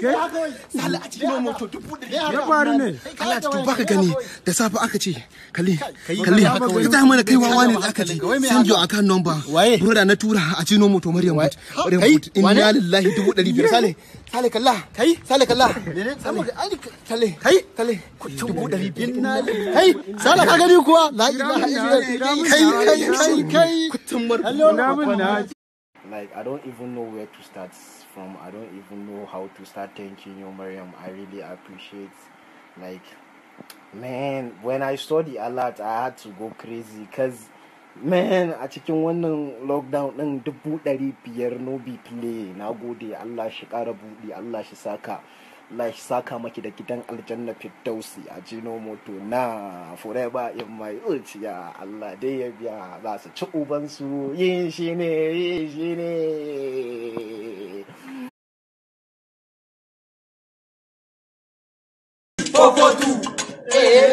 sala a cikin moto dubu ɗari ya faru ne Allah to baka gani da safe aka ce kalli kalli ka ta mana kai wawa ne aka ce send your account number broda na tura a cikin moto maryam but maryam but inna lillahi dubu ɗari biyar sale sale kalla kai sale kalla sale kai sale dubu ɗari biyar kai sale ka gani kuwa la ilaha illallah kai kai kai kai kutumar like I don't even know where to start from. I don't even know how to start thanking you, Mariam. I really appreciate like man, when I saw the alert I had to go crazy because man a want to lockdown ɗin dubu ɗari biyar no be play go the Allah shi the buɗe Allah shi Allah shi saka maki da gidan aljanna fiddausi a jino moto na forever in my ya Allah dai ya biya za su ci ubansu yin shi ne yin shi ne Popotu, eh, eh.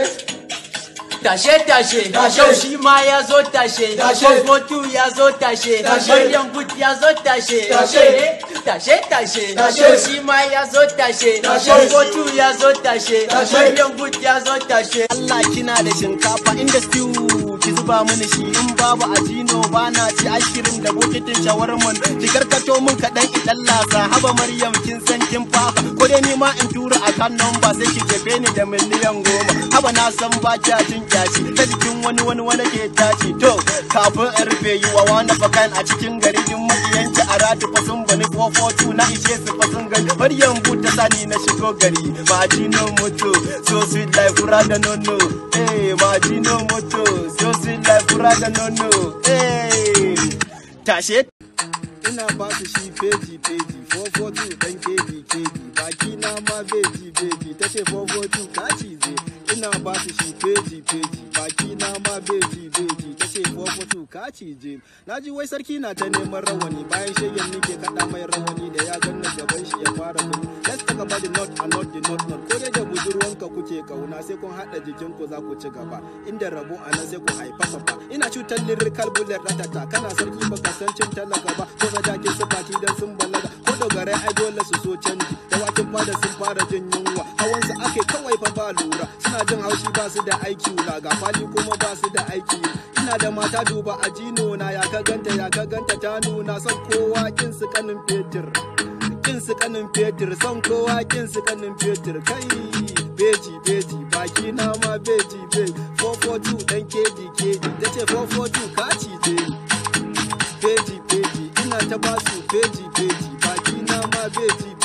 tashe tashe yau shi ma ya zo tashe kosmotu ya zo tashe maryam good ya zo tashe tashe tashe yau eh, shi ma ya zo tashe kosmotu ya zo tashe maryam good ya zo tashe Allah kina da shinkafa inda stew ba mini shi in babu jino ba na ci ashirin da bokitin shawarman ki karkato min kaɗan idan lasa haba maryam kin san kin fafa ko dai ni ma in tura a kan ba sai ki jefe ni da miliyan goma haba na san ba kya jin kyashi ta jikin wani wani wani ke tashi to kafin in rufe yi wa wani fakan a cikin gari din yanci a ratu fasun bani kofotu na ishe su fasun gari maryam buta sani na shigo gari ba ajino moto so sweet life da nono eh ma ajino moto so sweet living life rather tashe ina ba su shi 442 dan keji keji baki na ma beji beji ta 442 ina ba su shi feji feji baki na ma beji beji ta 442 na ji wai sarki na ta neman rawani bayan shegen nike kaɗa mai rawani da ya ganna gaban shi ya fara bin let's talk about the north and not the north north kauna sai kun haɗa ku za ku ci gaba inda rabo a nan sai ku haifa babba ina cutar lirikal bullet ratata kana sarki baka san cin talaka ba ko na jakin su baki dan sun balaga ko dogare ai dole su so canji dawakin fada sun fara jin yunwa hawansu ake kawai fa ba lura suna jin haushi ba su da aiki wula ga fali kuma ba su da aiki ina da mata duba a jino na ya ka ganta ya ka ganta ta nuna son kowa kin su kanin fetir, kin su kanin fetir son kowa kin su kanin fetir, kai beji beji baki na ma beji beji 442 dan keji keji ta ce 442 ka cije beji beji ina ta basu beji beji baki na ma beji beji